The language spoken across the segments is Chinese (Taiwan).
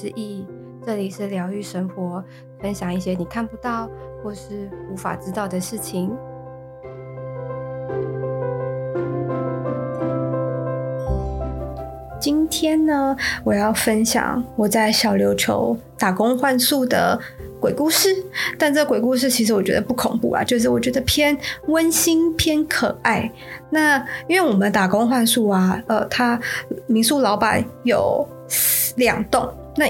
之意，這裡是療癒生活，分享一些你看不到或是無法知道的事情。今天呢，我要分享我在小琉球打工換宿的鬼故事。但這鬼故事其實我覺得不恐怖啊，就是我覺得偏溫馨、偏可愛。那因為我們打工換宿啊，呃，他民宿老闆有兩棟。那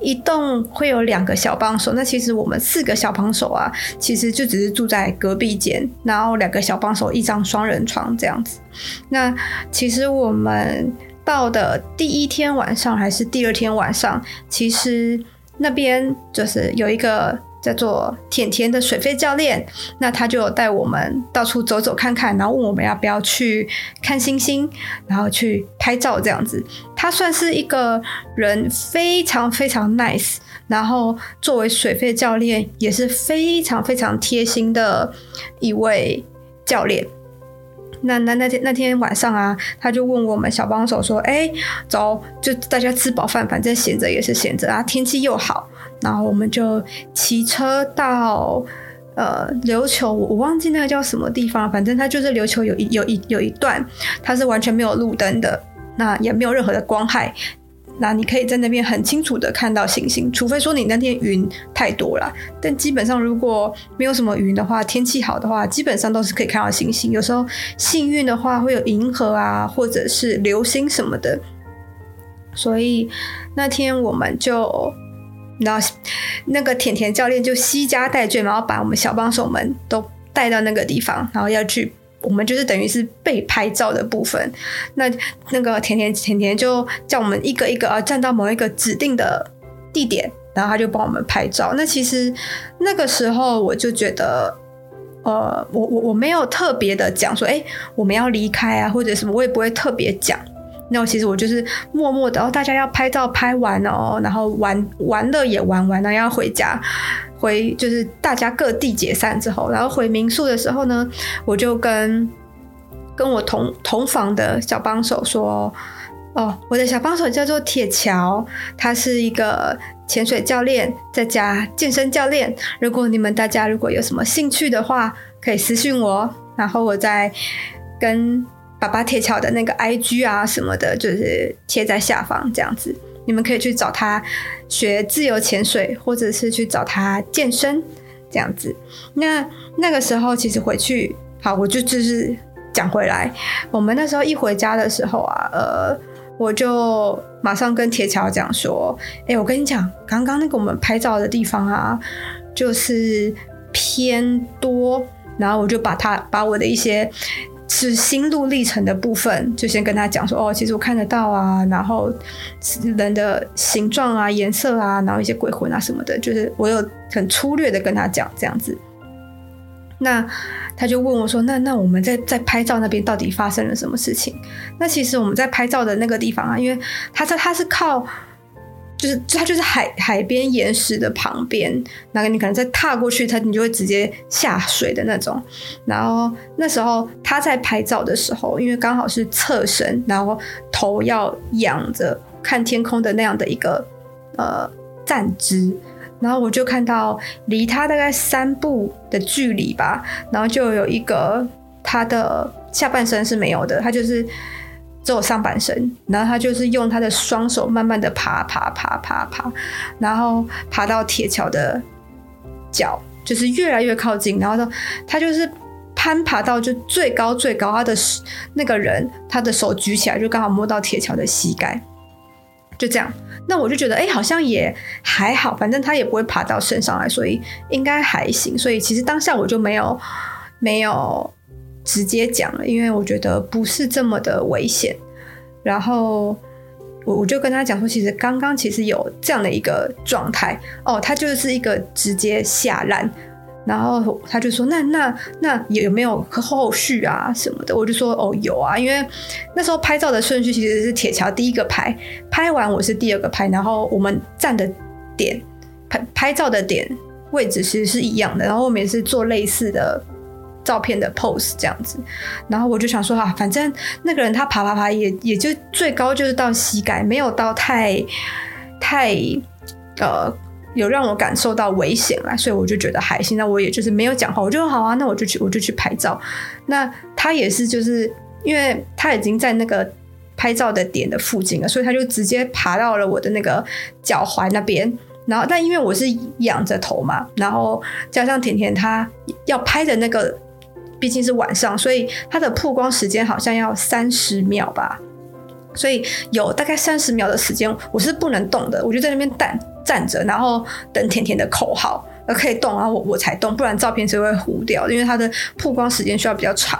一棟會有兩個小幫手，那其實我們四個小幫手啊，其實就只是住在隔壁間，然後兩個小幫手一張雙人床這樣子。那其實我們到的第一天晚上還是第二天晚上，其實那邊就是有一個。叫做甜甜的水肺教練，那他就帶我們到處走走看看，然後問我們要、啊、不要去看星星，然後去拍照這樣子。他算是一個人非常非常 nice，然後作為水肺教練也是非常非常貼心的一位教練。那那那天那天晚上啊，他就問我們小幫手說：“哎、欸，走，就大家吃飽飯，反正閒着也是閒着啊，天氣又好。”然後我們就騎車到呃琉球，我忘記那個叫什麼地方了，反正它就是琉球有一有一有一段，它是完全沒有路燈的，那也沒有任何的光害，那你可以在那邊很清楚的看到星星，除非說你那天雲太多了，但基本上如果沒有什麼雲的話，天氣好的話，基本上都是可以看到星星，有時候幸運的話會有銀河啊，或者是流星什麼的，所以那天我們就。然後，那個甜甜教練就攜家帶眷，然後把我們小幫手們都帶到那個地方，然後要去我們就是等於是被拍照的部分。那那個甜甜甜甜就叫我們一個一個啊站到某一個指定的地點，然後他就幫我們拍照。那其實那個時候我就覺得，呃，我我我沒有特別的講說，哎，我們要離開啊，或者什麼，我也不會特別講。那我其實我就是默默的哦，大家要拍照拍完哦，然後玩玩樂也玩完了，然後要回家。回就是大家各地解散之後，然後回民宿的時候呢，我就跟跟我同同房的小幫手說，哦，我的小幫手叫做鐵橋，他是一個潛水教練，在家健身教練。如果你們大家如果有什麼興趣的話，可以私信我，然後我再跟。把鐵橋的那個 IG 啊什麼的，就是貼在下方這樣子，你們可以去找他學自由潛水，或者是去找他健身這樣子。那那個時候其實回去，好，我就就是講回來，我們那時候一回家的時候啊，呃，我就馬上跟鐵橋講說：“哎、欸，我跟你講，剛剛那個我們拍照的地方啊，就是偏多，然後我就把他把我的一些。”是心路歷程的部分，就先跟他講說哦，其實我看得到啊，然後人的形狀啊、顏色啊，然後一些鬼魂啊什麼的，就是我有很粗略的跟他講這樣子。那他就問我說，那那我們在在拍照那邊到底發生了什麼事情？那其實我們在拍照的那個地方啊，因為他在他是靠就是，他就是海海邊岩石的旁邊，那個你可能再踏過去，它，你就會直接下水的那種。然後那時候他在拍照的時候，因為剛好是側身，然後頭要仰着看天空的那樣的一個呃站姿，然後我就看到離他大概三步的距離吧，然後就有一個，他的下半身是沒有的，他就是。只有上半身，然後他就是用他的雙手慢慢的爬，爬，爬，爬，爬，爬，然後爬到鐵橋的腳，就是越來越靠近，然後他他就是攀爬到就最高最高，他的那個人他的手舉起來就剛好摸到鐵橋的膝蓋，就這樣。那我就覺得哎、欸，好像也還好，反正他也不會爬到身上來，所以應該還行。所以其實當下我就沒有沒有。直接講了，因為我覺得不是這麼的危險。然後我我就跟他講說，其實剛剛其實有這樣的一個狀態哦，他就是一個直接下爛。然後他就說，那那那有沒有後續啊什麼的？我就說哦有啊，因為那時候拍照的順序其實是鐵橋第一個拍，拍完我是第二個拍，然後我們站的點拍拍照的點位置其實是一樣的，然後我們也是做類似的。照片的 pose 這樣子，然後我就想說啊，反正那個人他爬爬爬也也就最高就是到膝蓋，沒有到太太呃有讓我感受到危險了，所以我就覺得還行。那我也就是沒有講話，我就說好啊，那我就去我就去拍照。那他也是，就是因為他已經在那個拍照的點的附近了，所以他就直接爬到了我的那個腳踝那邊。然後，但因為我是仰着頭嘛，然後加上甜甜她要拍的那個。畢竟是晚上，所以它的曝光時間好像要三十秒吧，所以有大概三十秒的時間，我是不能動的，我就在那邊站站着，然後等甜甜的口號，可以動，然後我我才動，不然照片就會糊掉，因為它的曝光時間需要比較長。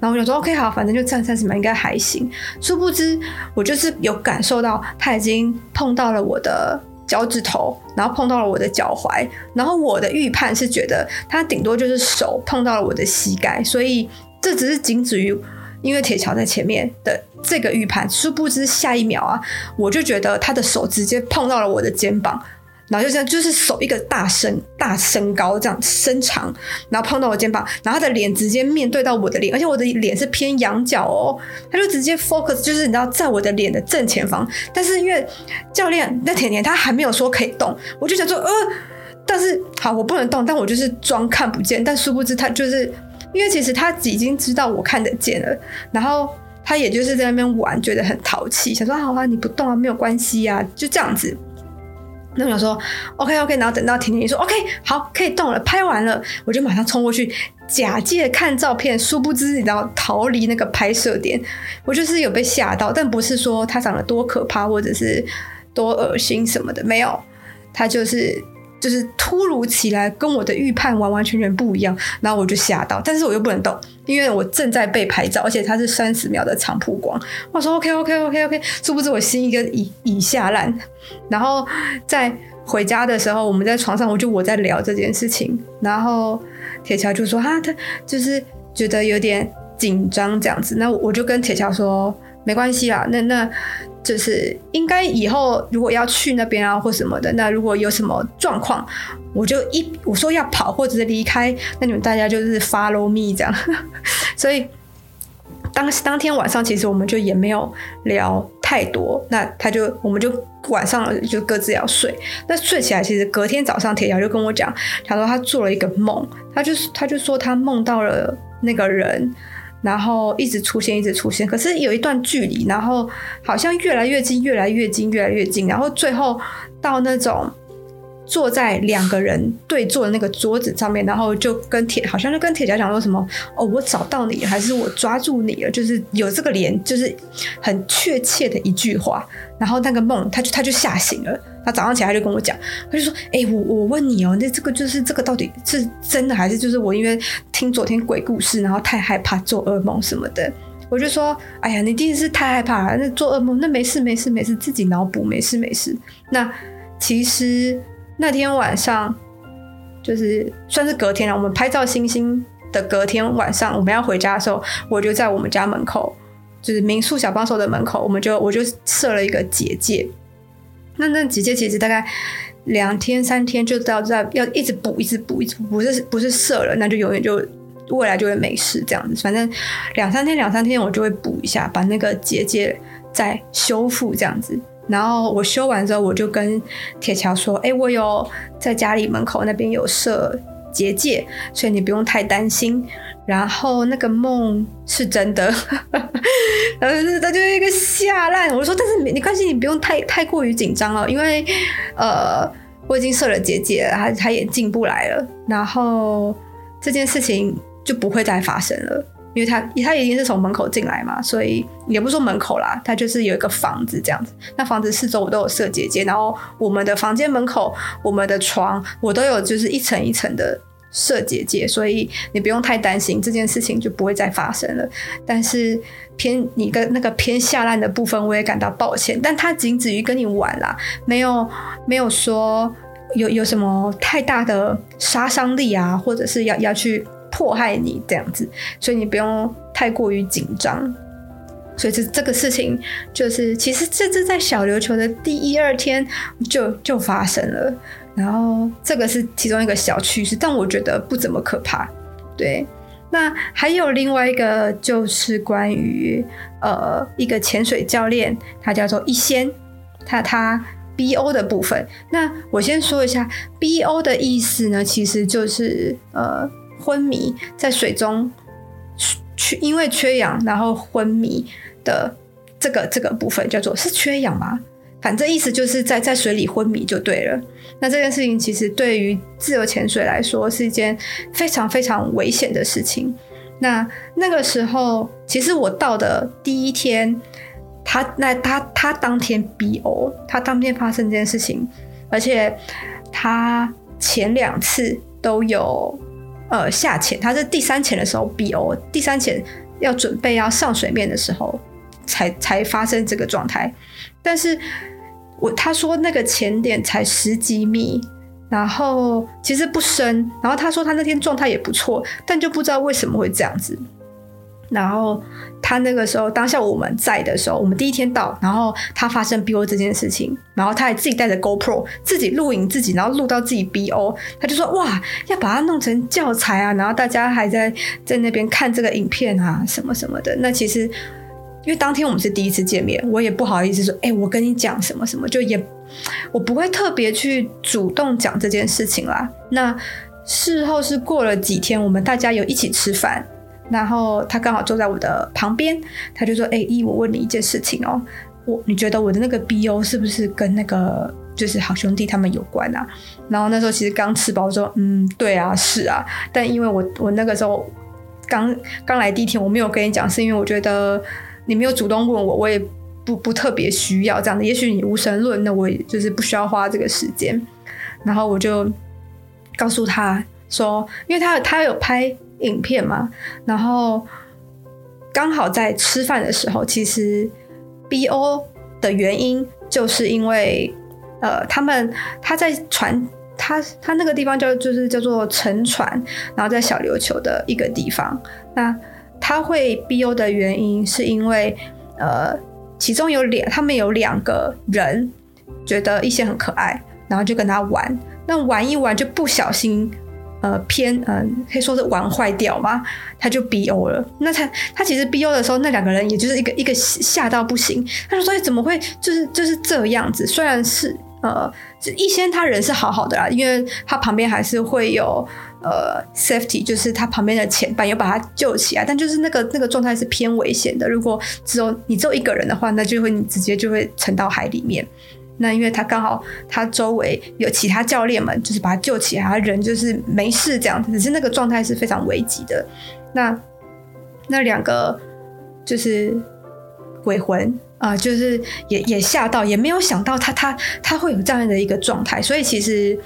然後我就說 OK 好，反正就站三十秒，應該還行。殊不知，我就是有感受到他已經碰到了我的。腳趾頭，然後碰到了我的腳踝，然後我的預判是覺得他頂多就是手碰到了我的膝蓋，所以這只是僅止於因為鐵橋在前面的這個預判，殊不知下一秒啊，我就覺得他的手直接碰到了我的肩膀。然後就這樣，就是手一個大身大身高這樣伸長，然後碰到我肩膀，然後他的臉直接面對到我的臉，而且我的臉是偏仰角哦，他就直接 focus，就是你知道，在我的臉的正前方。但是因為教練那甜甜他還沒有說可以動，我就想說，呃，但是好，我不能動，但我就是裝看不見。但殊不知他就是，因為其實他已經知道我看得見了，然後他也就是在那邊玩，覺得很淘氣，想說啊好啊，你不動啊，沒有關係呀、啊，就這樣子。那我想說 OK OK，然後等到婷婷你說 OK 好，可以動了，拍完了，我就馬上衝過去，假借看照片，殊不知要逃離那個拍攝點。我就是有被嚇到，但不是說他長得多可怕，或者是多噁心什麼的，沒有，他就是。就是突如其來，跟我的預判完完全全不一樣，然後我就嚇到，但是我又不能動，因為我正在被拍照，而且它是三十秒的長曝光。我說 OK OK OK OK，殊不知我心一個已已下爛。然後在回家的時候，我們在床上，我就我在聊這件事情，然後鐵橋就說：“啊，他就是覺得有點緊張這樣子。”那我就跟鐵橋說。沒關係啊，那那就是應該以後如果要去那邊啊或什麼的，那如果有什麼狀況，我就一我說要跑或者是離開，那你們大家就是 follow me 這樣。 所以當當天晚上，其實我們就也沒有聊太多，那他就我們就晚上就各自要睡。那睡起來，其實隔天早上，鐵橋就跟我講，他說他做了一個夢，他就他就說他夢到了那個人。然後一直出現，一直出現，可是有一段距離，然後好像越來越近，越來越近，越來越近，然後最後到那種。坐在兩個人對坐的那個桌子上面，然後就跟鐵好像就跟鐵甲講說什麼哦，我找到你了，還是我抓住你了？就是有這個臉，就是很確切的一句話。然後那個夢，他就他就嚇醒了。他早上起來他就跟我講，他就說：“哎、欸，我我問你哦，那這個就是這個到底是真的還是就是我因為聽昨天鬼故事，然後太害怕做噩夢什麼的？”我就說：“哎呀，你一定是太害怕了。那做噩夢那沒事沒事沒事，自己腦補沒事沒事，沒事。那其實。”那天晚上，就是算是隔天了。我們拍照星星的隔天晚上，我們要回家的時候，我就在我們家門口，就是民宿小幫手的門口，我們就我就設了一個結界。那那結界其實大概兩天三天，就到在要一直補，一直補，一直補，不是不是設了，那就永遠就未來就會沒事這樣子。反正兩三天兩三天，我就會補一下，把那個結界再修復這樣子。然後我修完之後，我就跟鐵橋說：“哎，我有在家裡門口那邊有設結界，所以你不用太擔心。”然後那個夢是真的，他 就一個嚇爛。我說：“但是沒關係，你不用太太過於緊張了，因為呃，我已經設了結界，他他也進不來了。然後這件事情就不會再發生了。”因為他他已經是從門口進來嘛，所以也不說門口啦，他就是有一個房子這樣子。那房子四周我都有設結界，然後我們的房間門口、我們的床我都有就是一層一層的設結界。所以你不用太擔心，這件事情就不會再發生了。但是偏你的那個偏下爛的部分，我也感到抱歉。但他僅止於跟你玩啦，沒有沒有說有有什麼太大的殺傷力啊，或者是要要去迫害你這樣子，所以你不用太過於緊張。所以這這個事情就是，其實這是在小琉球的第一二天就就發生了。然後這個是其中一個小趣事，但我覺得不怎麼可怕。對，那還有另外一個就是關於呃一個潛水教練，他叫做一仙，他他 B O 的部分。那我先說一下 B O 的意思呢，其實就是呃。昏迷在水中，缺因為缺氧然後昏迷的這個這個部分叫做是缺氧嗎？反正意思就是在在水裡昏迷就對了。那這件事情其實對於自由潛水來說是一件非常非常危險的事情。那那個時候，其實我到的第一天，他那他他當天 BO，他當天發生這件事情，而且他前兩次都有。呃，下潛，他是第三潛的時候，B O，第三潛要準備要上水面的時候才，才才發生這個狀態。但是我，我他說那個潛點才十幾米，然後其實不深，然後他說他那天狀態也不錯，但就不知道為什麼會這樣子。然後他那個時候，當下我們在的時候，我們第一天到，然後他發生 BO 這件事情，然後他還自己帶着 GoPro 自己錄影自己，然後錄到自己 BO，他就說哇，要把它弄成教材啊，然後大家還在在那邊看這個影片啊什麼什麼的。那其實因為當天我們是第一次見面，我也不好意思說，哎、欸，我跟你講什麼什麼，就也我不會特別去主動講這件事情啦。那事後是過了幾天，我們大家有一起吃飯。然後他剛好坐在我的旁邊，他就說：“欸，E，我問你一件事情哦，我你覺得我的那個 BO 是不是跟那個就是好兄弟他們有關啊？”然後那時候其實剛吃飽，說：“嗯，對啊，是啊。”但因為我我那個時候剛剛來第一天，我沒有跟你講，是因為我覺得你沒有主動問我，我也不不特別需要這樣的。也許你無神論，那我就是不需要花這個時間。然後我就告訴他說：“因為他他有拍。”影片嘛，然後剛好在吃飯的時候，其實 BO 的原因就是因為呃，他們他在船，他他那個地方叫就是叫做沉船，然後在小琉球的一個地方。那他會 BO 的原因是因為呃，其中有兩，他們有兩個人覺得一些很可愛，然後就跟他玩，那玩一玩就不小心。呃，偏嗯、呃，可以說是玩壞掉嗎？他就 B O 了。那他他其實 B O 的時候，那兩個人也就是一個一個嚇到不行。他說，所以怎麼會？就是就是這樣子。雖然是呃，一先他人是好好的啦，因為他旁邊還是會有呃 safety，就是他旁邊的潛伴有把他救起來。但就是那個那個狀態是偏危險的。如果只有你只有一個人的話，那就會你直接就會沉到海裡面。那因為他剛好他周圍有其他教練們，就是把他救起來，他人就是沒事這樣，只是那個狀態是非常危急的。那那兩個就是鬼魂啊，呃，就是也也嚇到，也沒有想到他他他會有這樣的一個狀態。所以其實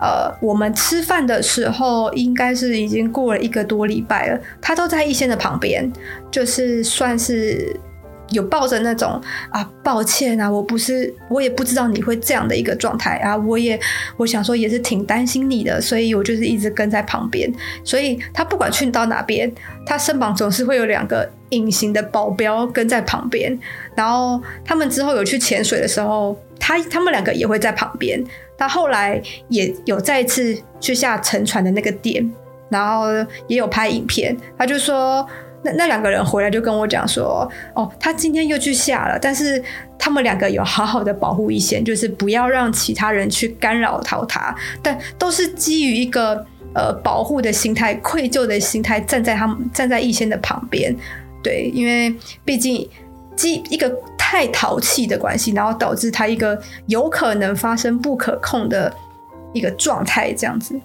呃，我們吃飯的時候應該是已經過了一個多禮拜了，他都在一仙的旁邊，就是算是。有抱着那種啊，抱歉啊，我不是，我也不知道你會這樣的一個狀態啊，我也，我想說也是挺擔心你的，所以我就是一直跟在旁邊。所以他不管去到哪邊，他身旁總是會有兩個隱形的保鏢跟在旁邊。然後他們之後有去潛水的時候，他他們兩個也會在旁邊。他後來也有再次去下沉船的那個點，然後也有拍影片。他就說。那那兩個人回來就跟我講說，哦，他今天又去下了，但是他們兩個有好好的保護一仙，就是不要讓其他人去干擾到他，但都是基於一個呃保護的心態、愧疚的心態，站在他們，站在一仙的旁邊，對，因為畢竟基一個太淘氣的關係，然後導致他一個有可能發生不可控的一個狀態這樣子。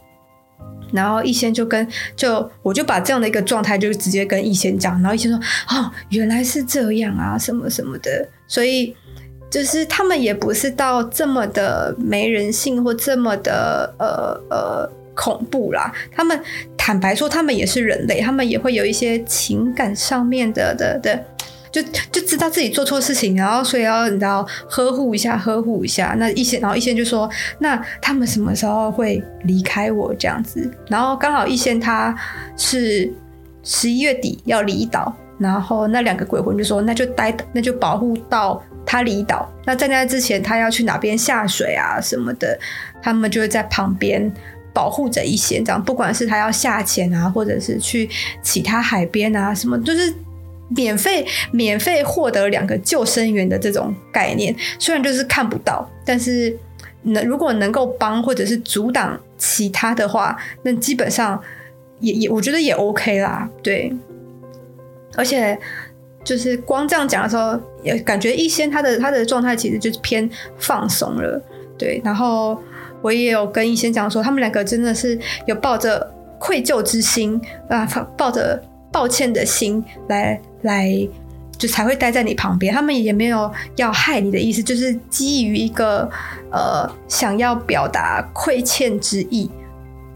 然後逸仙，就跟就，我就把這樣的一個狀態就直接跟逸仙講，然後逸仙說：“哦，原來是這樣啊，什麼什麼的。”所以就是他們也不是到這麼的沒人性或這麼的呃呃恐怖啦。他們坦白說，他們也是人類，他們也會有一些情感上面的的的。的就就知道自己做錯事情，然後所以要你知道呵護一下，呵護一下。那一仙，然後一仙就說：“那他們什麼時候會離開我？”這樣子，然後剛好一仙他是十一月底要離島，然後那兩個鬼魂就說：“那就待，那就保護到他離島。那在那之前，他要去哪邊下水啊什麼的，他們就會在旁邊保護着一仙。這樣，不管是他要下潛啊，或者是去其他海邊啊什麼，就是。”免費免費獲得兩個救生員的這種概念，雖然就是看不到，但是能如果能夠幫或者是阻擋其他的話，那基本上也也我覺得也 OK 啦，對。而且就是光這樣講的時候，也感覺一仙他的他的狀態其實就是偏放鬆了，對。然後我也有跟一仙講說，他們兩個真的是有抱着愧疚之心啊，抱着抱歉的心來。來，就才會待在你旁邊。他們也沒有要害你的意思，就是基於一個呃，想要表達虧欠之意，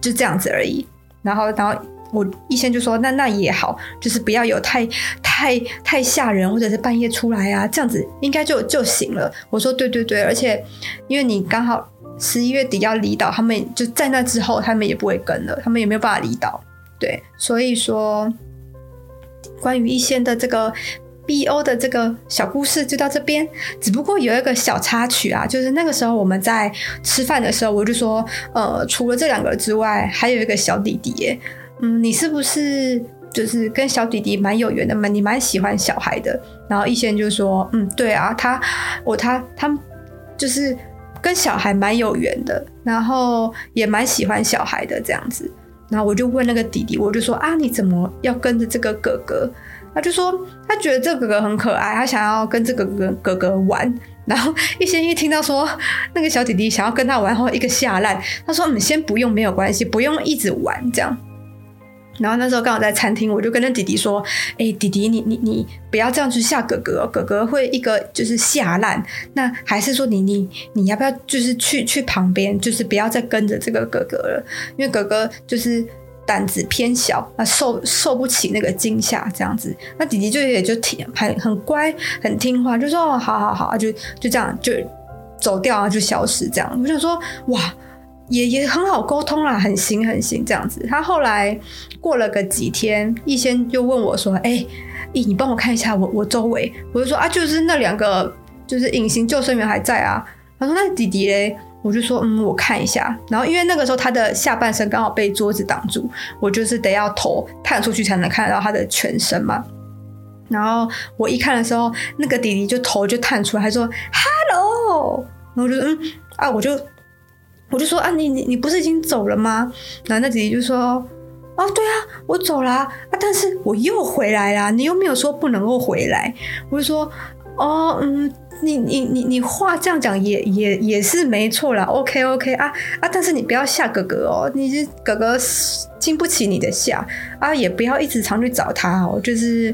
就這樣子而已。然後，然後我醫生就說，那那也好，就是不要有太太太嚇人，或者是半夜出來啊，這樣子應該就就行了。我說，對對對，而且因為你剛好十一月底要離島，他們就在那之後，他們也不會跟了，他們也沒有辦法離島。對，所以說。關於一仙的這個 BO 的這個小故事就到這邊，只不過有一個小插曲啊，就是那個時候我們在吃飯的時候，我就說，呃，除了這兩個之外，還有一個小弟弟耶，嗯，你是不是就是跟小弟弟蠻有緣的嘛？你蠻喜歡小孩的。然後一仙就說，嗯，對啊，他我他他就是跟小孩蠻有緣的，然後也蠻喜歡小孩的這樣子。然後我就問那個弟弟，我就說啊，你怎麼要跟着這個哥哥？他就說他覺得這個哥哥很可愛，他想要跟這個哥哥哥哥玩。然後一先一聽到說那個小弟弟想要跟他玩然後，一個下爛，他說你、嗯、先不用沒有關係，不用一直玩這樣。然後那時候剛好在餐廳，我就跟那弟弟說：“哎、欸，弟弟你，你你你不要這樣去嚇哥哥，哥哥會一個就是嚇爛。那還是說你你你要不要就是去去旁邊，就是不要再跟着這個哥哥了，因為哥哥就是膽子偏小，那、啊、受受不起那個驚嚇這樣子。那弟弟就也就挺很很乖很聽話，就說哦好好好，就就這樣就走掉啊就消失這樣。我就說哇。”也也很好溝通啦，很行很行這樣子。他後來過了個幾天，逸仙又問我說：“哎、欸，咦、欸，你幫我看一下我我週圍。”我就說：“啊，就是那兩個就是隱形救生員還在啊。”他說：“那弟弟咧？”我就說：“嗯，我看一下。”然後因為那個時候他的下半身剛好被桌子擋住，我就是得要頭探出去才能看得到他的全身嘛。然後我一看的時候，那個弟弟就頭就探出來，他說：“Hello。”然後我就嗯啊，我就。我就說啊，你你你不是已經走了嗎？然後，那姐姐就說，哦、啊，對啊，我走了啊，啊，但是我又回來了，你又沒有說不能夠回來。我就說，哦，嗯，你你你你話這樣講也也也是沒錯了，OK OK 啊啊，但是你不要嚇哥哥哦，你這哥哥經不起你的嚇啊，也不要一直常去找他哦，就是。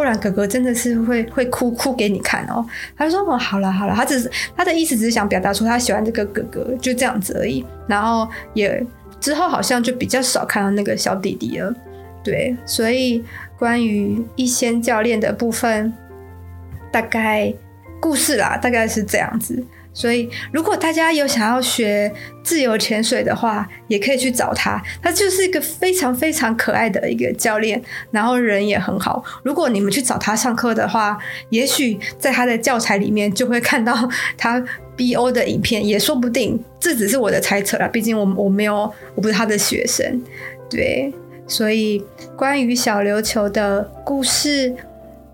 不然哥哥真的是會會哭哭給你看哦，他就說哦好了好了，他只是他的意思只是想表達出他喜歡這個哥哥就這樣子而已，然後也之後好像就比較少看到那個小弟弟了，對，所以關於一些教練的部分大概故事啦，大概是這樣子。所以，如果大家有想要學自由潛水的話，也可以去找他。他就是一個非常非常可愛的一個教練，然後人也很好。如果你們去找他上課的話，也許在他的教材裡面就會看到他 BO 的影片，也說不定。這只是我的猜測啦，畢竟我我沒有，我不是他的學生。對，所以關於小琉球的故事，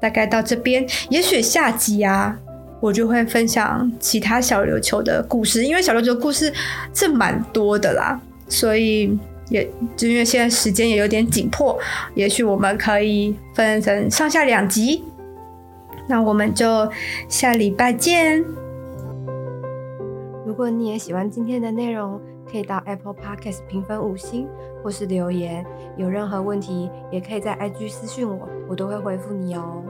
大概到這邊，也許下集啊。我就會分享其他小琉球的故事，因為小琉球的故事是蠻多的啦，所以也就因為現在時間也有點緊迫，也許我們可以分成上下兩集。那我們就下禮拜見。如果你也喜歡今天的內容，可以到 Apple Podcast 評分五星，或是留言。有任何問題，也可以在 IG 私訊我，我都會回復你哦。